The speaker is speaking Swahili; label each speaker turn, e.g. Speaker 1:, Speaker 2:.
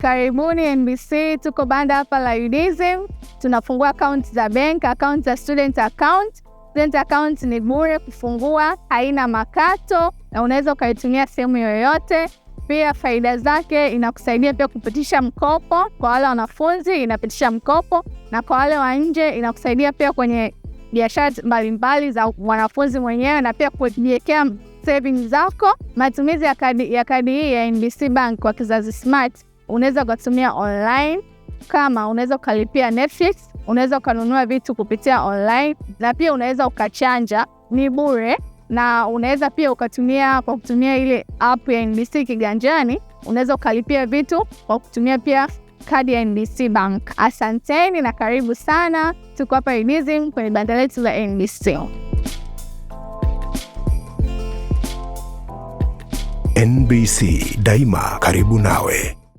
Speaker 1: Karibuni NBC, tuko banda hapa la UDSM. Tunafungua account za bank, account za student account. Student account ni bure kufungua, haina makato na unaweza ukaitumia sehemu yoyote. Pia faida zake, inakusaidia pia kupitisha mkopo kwa wale wanafunzi, inapitisha mkopo, na kwa wale wa nje inakusaidia pia kwenye biashara mbalimbali za wanafunzi mwenyewe na pia kujiwekea savings zako. Matumizi ya kadi hii ya NBC Bank kwa kizazi smart unaweza ukatumia online, kama unaweza ukalipia Netflix, unaweza ukanunua vitu kupitia online, na pia unaweza ukachanja, ni bure, na unaweza pia ukatumia kwa kutumia ile app ya NBC kiganjani, unaweza ukalipia vitu kwa kutumia pia kadi ya NBC Bank. Asanteni na karibu sana, tuko hapa Idizim kwenye banda letu la NBC.
Speaker 2: NBC daima karibu nawe.